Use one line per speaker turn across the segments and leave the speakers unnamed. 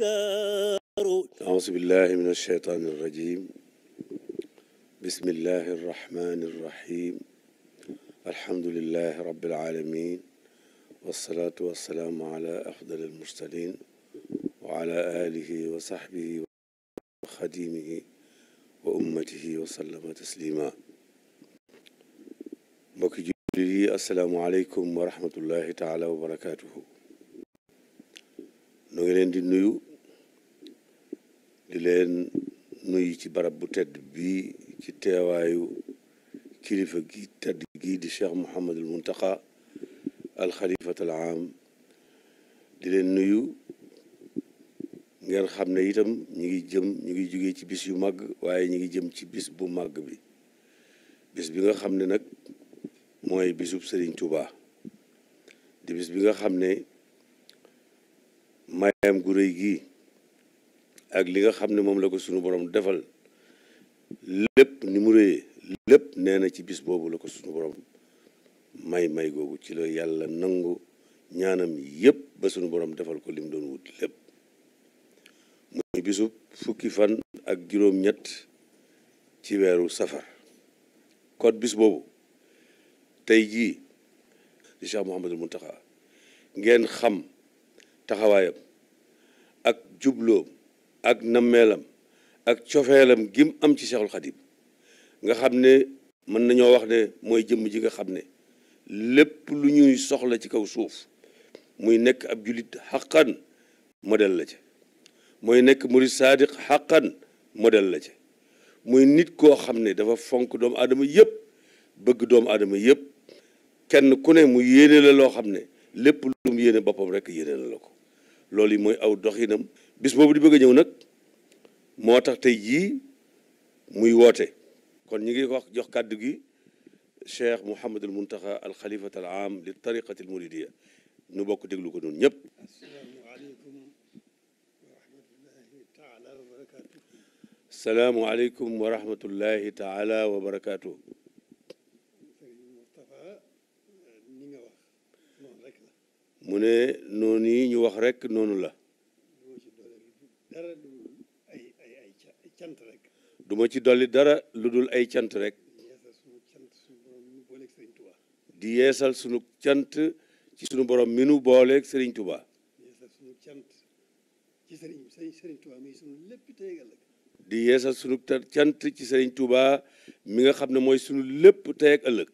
أعوذ
بالله من الشيطان الرجيم بسم الله الرحمن الرحيم الحمد لله رب العالمين والصلاة والسلام على أفضل المرسلين وعلى آله وصحبه وخديمه وأمته وسلم تسليما السلام عليكم ورحمة الله تعالى وبركاته ñoo ngi leen di nuyu di leen nuyu ci barab bu tedd bii ci teewaayu kilifa gi tedd gii di cheikh Mouhamadul Muntaqa alxalifatul aam di leen nuyu ngeen xam ne itam ñi ngi jëm ñi ngi jógee ci bis yu màgg waaye ñi ngi jëm ci bis bu màgg bi bis bi nga xam ne nag mooy bisub Sëriñ Tuubaa di bis bi nga xam ne mayam gu réy gii ak li nga xam ne moom la ko sunu boroom defal lépp ni mu rëyee lépp nee na ci bis boobu la ko sunu borom may may googu ci la yàlla nangu ñaanam yépp ba sunu borom defal ko lim doon wut lépp muy bisu fukki fan ak juróom-ñett ci weeru safar kon bis boobu tey jii di Cheikh Mouhamadul Mountakha ngeen xam taxawaayam ak jubloom ak nammeelam ak cofeelam gim am ci Seexul Xadiim nga xam ne mën nañoo wax ne mooy jëmm ji nga xam ne lépp lu ñuy soxla ci kaw suuf muy nekk ab julit xaqan modèle la ca mooy nekk murid saadiq xaqan la ci muy nit koo xam ne dafa fonk doomu aadama yëpp bëgg doomu aadama yëpp kenn ku ne mu yéene la loo xam ne lépp lu mu yéene boppam rek yéene la la ko loolu yi mooy aw doxinam bis boobu di bëgg a ñëw nag moo tax tey jii muy woote kon ñu ngi wax jox kàddu gi cheikh al muntaha al xalifat al aam li tariqat al muridiya ñu bokk déglu ko noonu ñëpp salaamualeykum wa rahmatullahi taala wa barakaatuhu mu ne noonu yi ñu wax rek noonu la du ma ci dolli dara lu dul ay cant rek di yeesal sunu cant ci sunu borom mi nu booleeg Serigne Touba di yeesal sunu cant ci Serigne Touba mi nga xam ne mooy sunu lépp tey ak ëllëg.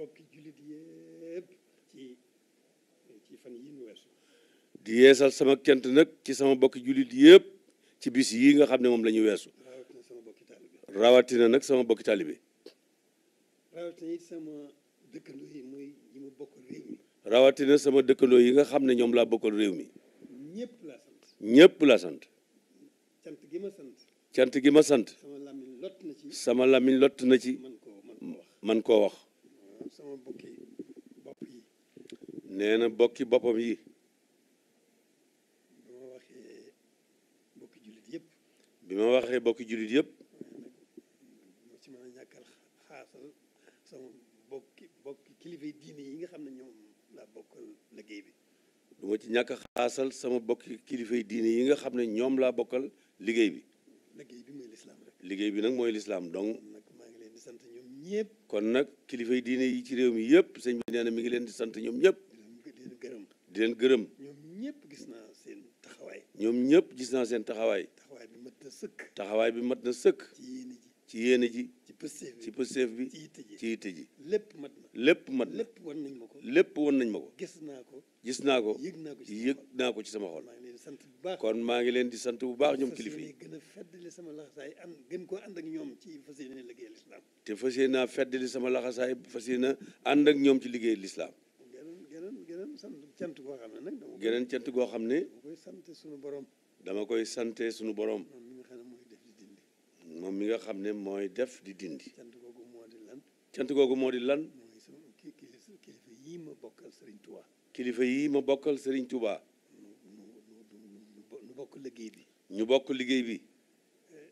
bokki jullit yépp ci fan yi weesu
di yeesal sama cant nag ci sama bokki jullit yépp ci bis yi nga xam ne moom la weesu rawatina nag sama bokki taalibe
rawatina sama dëkkandoo yi mooy
ñi ma bokkal réew sama dëkkandoo yi nga xam ne ñoom laa bokkal réew mi ñëpp laa sant laa sant cant gi ma sant gi ma sant sama làmmiñ lott na ci sama làmmiñ lott na ci man koo wax man koo wax sama bokki bopp yi nee na bokki boppam yi bi ma waxee bokki jullit yëpp bi ma waxee bokki jullit yépp
moo ci mën a ñàkkal yi nga xam ne ñoom laa liggéey bi
ci ñàkk sama bokki kilifay diine yi nga xam ne ñoom laa bokkal liggéey bi liggéey liggéey bi nag mooy lislaam donc ñëpp kon nag kilifa yi diine yi ci réew mi yëpp sëñ bi nee na mi ngi leen di sant ñoom ñëpp di leen gërëm di leen gërëm ñoom
ñëpp gis naa seen taxawaay
ñoom ñëpp gis naa seen taxawaay taxawaay bi mat na sëkk taxawaay bi mat na sëkk ci yéene ji ci yéene ji ci pësteef ci pësteef bi ci yitte ji lépp mat lépp mat lépp wan nañ ma ko lépp wan nañ ma ko gis naa ko gis naa ko yëg naa ko ci sama xol sant bu baax kon maa ngi leen di sant bu baax ñoom kilifa yi
gën a feddali sama laxasaay am gën koo ànd ak ñoom ci fas yéene liggéey lislaam
te fas yéene naa feddali sama laxasaay fas yéene ànd ak ñoom ci liggéey lislaam
geneen geneen geneen sant cant goo xam ne geneen
cant goo xam ne
dama koy sante suñu borom
dama koy sante suñu borom moom mi nga xam ne mooy def di dindi cant googu moo di lan cant moo di lan
kilifa yii ma bokkal Serigne Touba
kilifa yii ma bokkal Serigne Touba
bokk liggéey bi.
ñu bokk liggéey bi. Eh,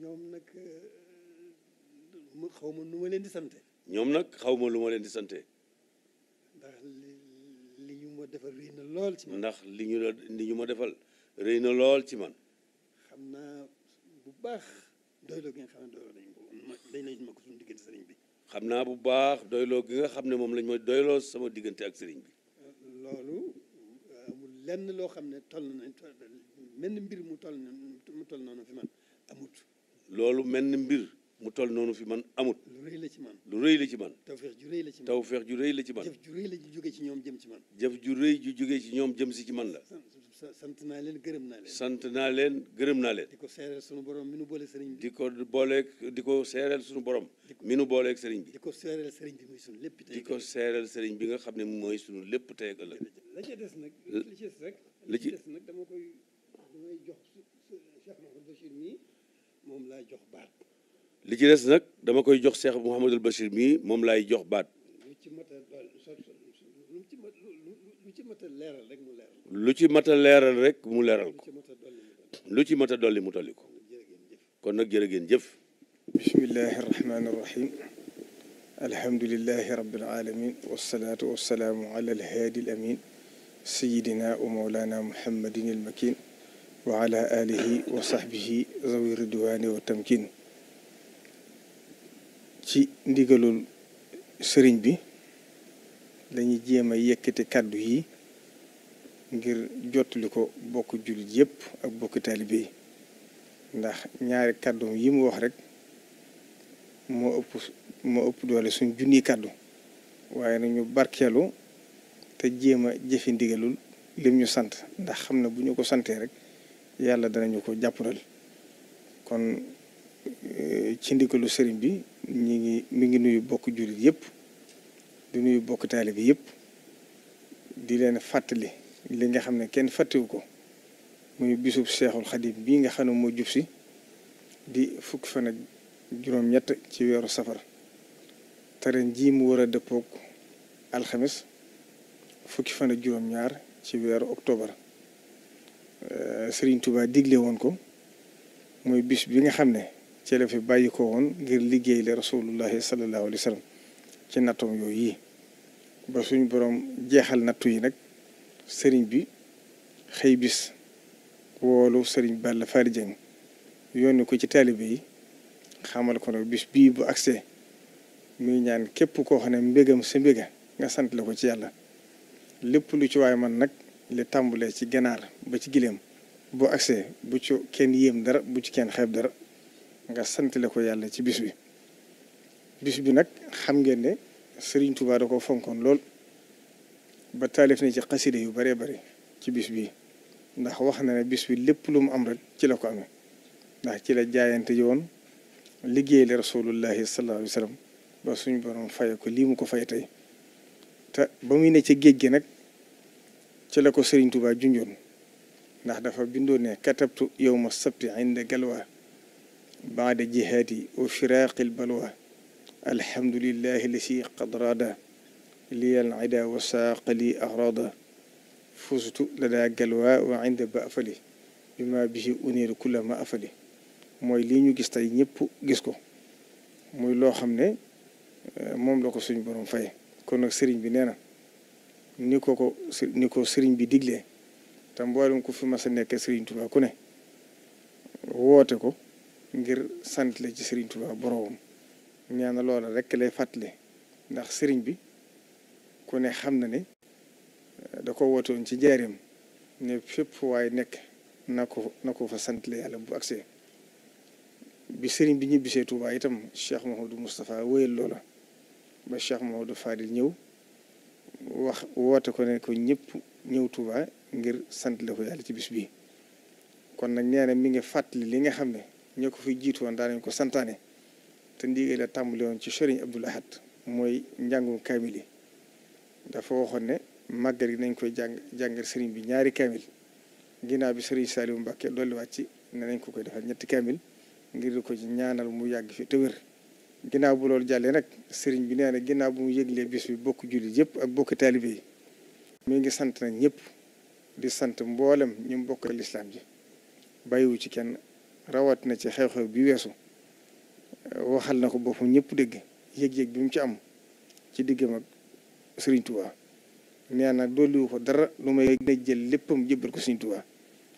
ñoom nag eh, xaw ma nu ma leen di sante.
ñoom nag xaw lu ma leen di sante.
ndax li ñu ma defal rëy na lool ci man. ndax
li ñu la li ñu ma defal rëy na lool ci man.
xam naa bu baax doyloo gi nga xam ne doyloo nañ ko dañ lañ ma bi.
xam naa bu baax doyloo gi nga xam ne moom lañ ma doyloo sama diggante ak sëriñ bi.
Eh, loolu. lenn loo xam ne toll nañ menn mbir mu toll mu toll noonu fi man
amut loolu menn mbir mu toll noonu fi man amut lu rëy la ci man lu rëy la ci man
tawfeex ju rëy la ci man tawfeex ju rëy la ci man jëf ju rëy la ju jógee ci ñoom jëm ci man
jëf ju ju jógee ci ñoom jëm si ci man la
sant naa leen gërëm naa leen
sant naa leen gërëm naa leen di
ko seereel sunu borom mi nu
booleeg sëriñ bi di ko booleeg di ko seereel suñu borom mi nu booleeg sëriñ bi
di ko seereel sëriñ bi
muy lépp tey di ko seereel bi nga xam ne mooy suñu lépp tey ëllëg la ca des nag. li ci des
rek. li ci
des nag dama koy damay jox Cheikh Mouhamadou Bachir mii moom laay jox baat.
li ci des nag dama koy jox Cheikh Mouhamadou Bachir mii moom laay jox
baat. lu ci mata leral rek mu leral lu ci mat a rek mu leeral ko. lu ci mata doli mu doli ko. kon nak jërë ngeen jëf.
bismillahir rahmanir rahim. alhamdulilahi rabbil alamin wasalaatu wasalaamu ala alhaadi alamin sayidina wa mawlana muhammadin almakin wa ala alihi wa sahbihi zawi ridwaani wa tamkin ci ndigalul sëriñ bi dañuy jéem a yëkkati kàddu yi ngir jottali ko bokk jullit yépp ak bokk taalibe yi ndax ñaari kàddu yi mu wax rek moo ëpp moo ëpp doole suñ junni kàddu waaye nañu barkeelu te jéem a jëfi ndigalul lim ñu sant ndax xam na bu ñu ko santee rek yàlla danañu ko jàppandal kon eh, ci ndigalu sëriñ bi ñi ngi mi ngi nuyu bokk jullit yépp di nuyu bokk taalibe yëpp di leen fàttali li nga xam ne kenn fàttewu ko muy bisub seexul xadim bii nga xam ne moo jub si di fukki fan ak juróom-ñett ci weeru safar te ren jii mu war a dëppook alxames fukki fan ak ñaar ci weeru octobre euh, sëriñ Touba digle woon ko mooy bis bi nga xam ne ci la bàyyi ko woon ngir liggéey le rasulullahi sallallahu alayhi wa ci nattoom yooyu yi ba suñu boroom jeexal nattu yi nag sëriñ bi xëy bis woolu sëriñ Balla Fally Dieng yónni ko ci taalibe yi xamal ko nag bis bii bu agsee muy ñaan képp koo xam ne mbégam sa mbéga nga sant la ko ci yàlla lépp lu ci waay man nag li tàmbulee ci ganaar ba ci gileem bu agsee bu ci kenn yéem dara bu ci kenn xeeb dara nga santale ko yàlla ci bis bi bis bi nag xam ngeen ne Sëriñ Tuubaa da ko fonkoon lool ba taalif na ci xaside yu baree bari ci bis bi ndax wax na ne bis bi lépp lu mu am rek ci la ko amee ndax ci la jaayante yoon liggéey la rasulullahi sallallahu alayhi wa sallam ba suñu borom faye ko lii mu ko fay tey te ba muy ne ci géej gi nag ci la ko Serigne Touba junjoon ndax dafa bindoo ne katabtu yowma sabti inda galwa baada jihaati wa firaqil balwa alhamdulillahi lasi qad raada li al ida wa saaqa li ahrada fustu lada galwa wa inda ba afali bima bihi uniru kulla ma afali mooy lii ñu gis tey ñëpp gis ko muy loo xam ne moom la ko suñ borom fay kon nag sëriñ bi nee na ni ko ko ni ko sëriñ bi diglee te mboolem ko fi mas a nekk sëriñ Tuubaa ku ne woote ko ngir sant la ci sëriñ Tuubaa boroomam ñaana na loola rekk lay fàttali ndax sëriñ bi ku ne xam na ne eh, da ko wootoon ci jaareem ne fépp waaye nekk na ko na ko fa sant la yàlla bu agsee bi sëriñ bi ñibbisee Tuubaa itam Cheikh Mahodou Moustapha wéyal loola ba Cheikh Mahodou Fadil ñëw wax woote ko ne ko ñëpp ñëw Touba ngir sant la ko yàlla ci bis kon nag nee na mi ngi fàttali li nga xam ne ñoo ko fi jiitu woon daanañ ko santaane te ndigal la tàmbali woon ci Sëriñ Abdul Ahad mooy njàngum kaamil yi dafa waxoon ne màggal gi nañ koy jàng jàngal sëriñ bi ñaari kaamil ginnaaw bi sëriñ Saliou Mbacke dolli wàcc ne nañ ko koy defal ñetti kaamil ngir di ko ci ñaanal mu yàgg fi te ginnaaw bu loolu jàllee nag sëriñ bi nee na ginnaaw bu mu yëglee bis bi bokk jullit yëpp ak bokk taalibe yi mi ngi sant nag ñëpp di sant mboolem ñu mu bokk lislaam ji bàyyiwu ci kenn rawat ci xew bi weesu waxal na ko boppam ñëpp dégg yëg-yëg bi ci am ci diggam ak sëriñ na dolliwu ko dara lu may na jël léppam jëbbal ko sëriñ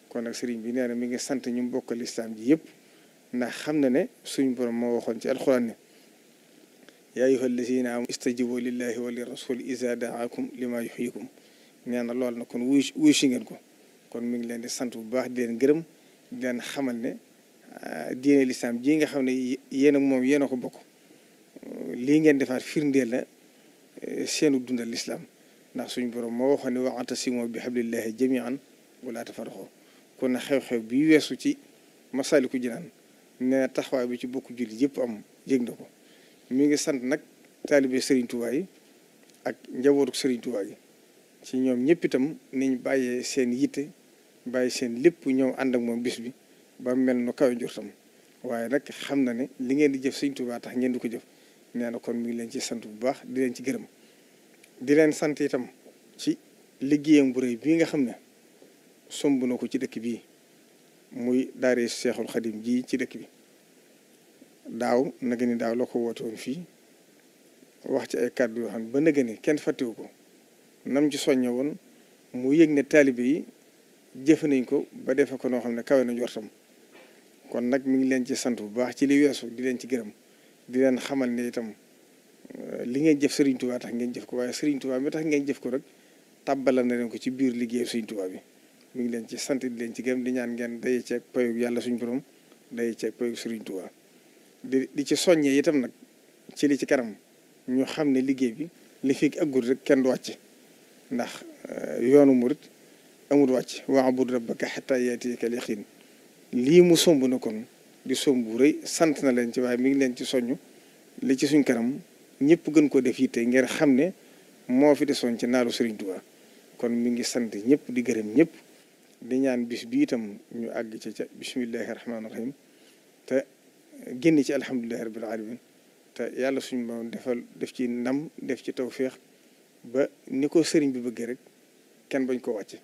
kon nag sëriñ bi nee na mi ngi sant ñu mu bokk ji yëpp ndax xam na ne suñ borom moo waxoon ci alxuraan ne يا أيها الذين آمنوا استجيبوا لله وللرسول إذا دعاكم لما يحييكم نيانا لول نكون ويش ويشينغنكو كون مي نلان دي سانتو باخ دي نغرم دي خامل ني دين الاسلام جيغا خامل يينا موم يينا كو بوكو لي نين ديفار فيرندي لا سينو دوند الاسلام نا سوني بروم مو وخاني وعتصموا بحبل الله جميعا ولا تفرقوا كون خيو خيو بي ويسو تي مسالكو جنان ne ah, eh, taxaway bi ci mi ngi sant nag taalibe Serigne Touba yi ak njabootu Serigne yi ci ñoom ñëpp itam niñ bàyyee seen yitte bàyyi seen lépp ñëw ànd ak moom bis bi ba mel nu kawe njortam waaye nag xam na ne li ngeen di jëf Serigne tax ngeen di ko jëf nee na kon mi ngi leen ci sant bu baax di leen ci gërëm di leen sant itam ci liggéeyam bu rëy bii nga xam ne sombuna ko ci dëkk bii muy daaree Seexul Xadim ji ci dëkk bi. daaw nag ni daaw la ko woote woon fii wax ci ay kàddu yoo xam ne ba nag ni kenn fàttewu ko nam ci soññe woon mu yëg ne taalibe yi jëfe nañ ko ba defe noo xam ne kawe nañ wartam kon nag mu ngi leen ci sant bu baax ci li weesu di leen ci gërëm di leen xamal ne itam euh, li ngeen jëf Serigne Touba tax ngeen jëf ko waaye Serigne Touba mi tax ngeen jëf ko rek tàbbala na leen ko ci biir liggéeyu Serigne bi mi ngi leen ci sant di leen ci gërëm di ñaan ngeen daye ceeg payug yàlla suñ borom daye ceeg payug Serigne Touba di ci soññee itam nag ci li ci kanam ñu xam ne liggéey bi li fi aggul rek kenn du wàcc ndax euh, yoonu murit amul wàcc wa'bud rabbaka hattaa ya'tiyakal yaqiin lii mu somb na kon di somb bu rëy sant na leen ci waaye mi ngi leen ci soññ li ci suñ kanam ñëpp gën koo def yitte ngir xam ne moo fi desoon ci naalu Sëriñ Tuubaa kon mu ngi sant ñëpp di gërëm ñëpp di ñaan bis bi itam ñu àgg ci ca bismillahi rahmaani rahim te génn ci alhamdulilahi rabbil alamin te yàlla suñu moom defal def ci ndam def ci taw feex ba ni ko sëriñ bi bëggee rek kenn bañ ko wàcce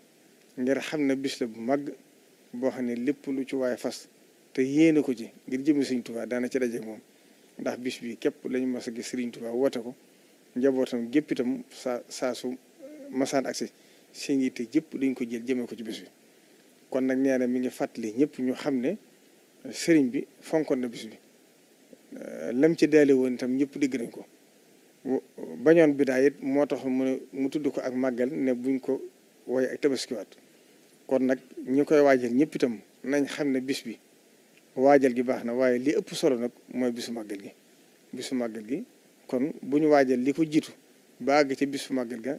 ngir xam ne bis la bu mag boo xam ne lépp lu ci waaye fas te yéene ko ci ngir jëmi sëriñ Tuubaa daana ci daje moom ndax bis bi képp lañu mas a gis sëriñ Tuubaa woote ko njabootam gépp itam saa saa su masaan agsi seen yitte jëpp dañ ko jël jëmee ko ci bis bi kon nag nee na mi ngi fàttali ñëpp ñu xam ne sëriñ bi fonkoon na bis bi euh, lam ci deele woon itam ñëpp dégg nañ ko bañoon bi daay it moo tax mu ne mu tudd ko ak màggal ne buñ ko woy ak tabaskiwaat kon nag ñu koy waajal ñëpp itam nañ xam ne bis bi waajal gi baax na waaye li ëpp solo nag mooy bisu màggal gi bisu màggal gi kon bu ñu waajal li ko jiitu ba ci ci bisu màggal ga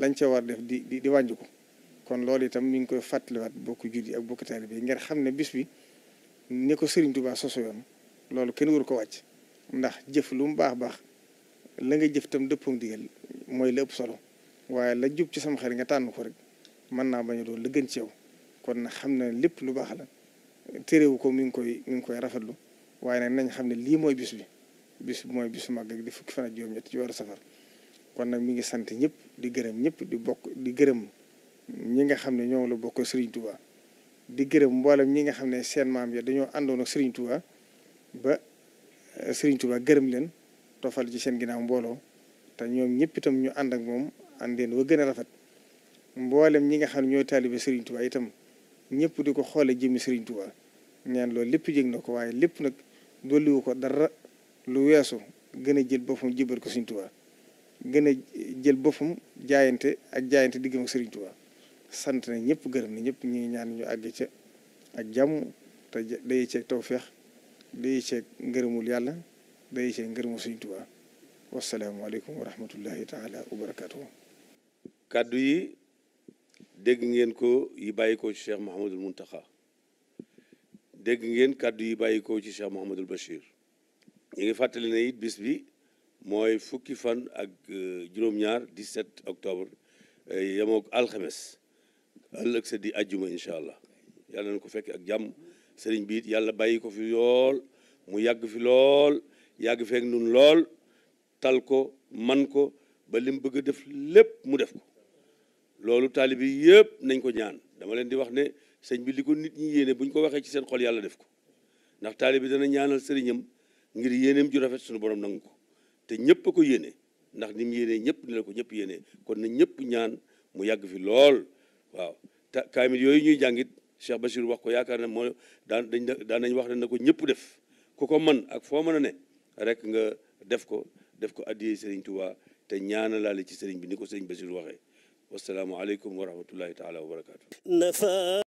lañ ca war def di di wàññi ko kon loolu itam mi ngi koy fàttaliwaat bokk jur yi ak bokku taalibe bi ngeen xam ne bis bi ne ko Serigne Touba soso yoon loolu kenn waru ko wàcc ndax jëf lu mu baax baax la nga jëf tam dëppoog digal mooy la ëpp solo waaye la jub ci sama xel nga tànn ko rek mën naa bañ doon la gën ci yow kon nag xam na lépp lu baax la téréwu ko mi ngi koy mi ngi koy rafetlu waaye nag nañ xam ne lii mooy bis bi bis bi mooy bisu màgg di fukki fan ak juróom-ñett ci weeru safar kon nag mi ngi sant ñëpp di gërëm ñëpp di bokk di gërëm ñi nga xam ne ñoom la bokk Serigne Touba di gërëm mboolem ñi nga xam ne seen maam ya dañoo àndoon ak Serigne ba eh, sëriñtuwaa gërëm leen tofal ci seen ginnaaw mbooloo te ñoom ñëpp itam ñu ànd ak moom àndeen wa gën a rafet mboolem ñi nga xam ne ñoo taalibe Serigne Touba itam ñëpp di ko xoolee jëmmi Serigne Touba ñaan loolu lépp jég na ko waaye lépp nag dolliwu ko dara lu weesu gën a jël boppam jébal ko Serigne gën a jël boppam jaayante ak jaayante diggam ak Serigne sant na ñëpp gërëm na ñëpp ñu ngi ñaan ñu àgg ca ak jàmm te day ceeg tawféex day ceeg ngërëmul yàlla day ceeg ngërëmul Sëriñ Tuubaa wasalaamualeykum wa rahmatullahi taala wa barakaatu.
kàddu yi dégg ngeen ko yi bàyyi ko ci Cheikh Mouhamadul Mountakha dégg ngeen kàddu yi bàyyi ko ci Cheikh Mouhamadul Bachir ñu ngi fàttali ne it bis bi mooy fukki fan ak euh, juróom-ñaar 17 octobre. Euh, yamook alxames ëllëg sa di ajjuma incha allah yàlla na ko fekkee ak jàmm sëriñ biit yàlla bàyyi ko fi lool mu yàgg fi lool yàgg feek nun lool tal ko man ko ba lim bëgg def lépp mu def ko loolu taalibi yëpp nañ ko ñaan dama leen di wax ne sëñ bi li ko nit ñi yéene buñ ko waxee ci seen xol yàlla def ko ndax taalibi dana ñaanal sëriñam ngir yéeneem ju rafet sunu borom nangu ko te ñëpp a ko yéene ndax ni mu yéenee ñëpp ni ko ñëpp yéenee kon na ñëpp ñaan mu yàgg fi lool waaw te kaamil yooyu ñuy jàngit Cheikh bashir wax ko yaakaar ne moo daan dañ daan nañ wax ne na ko ñëpp def ku ko man ak foo mën a ne rek nga def ko def ko addiyee Serigne Touba te ñaanalaale ci Serigne bi ni ko Serigne Bachir waxee wasalaamualeykum wa rahmatullahi taala wa barakaatu.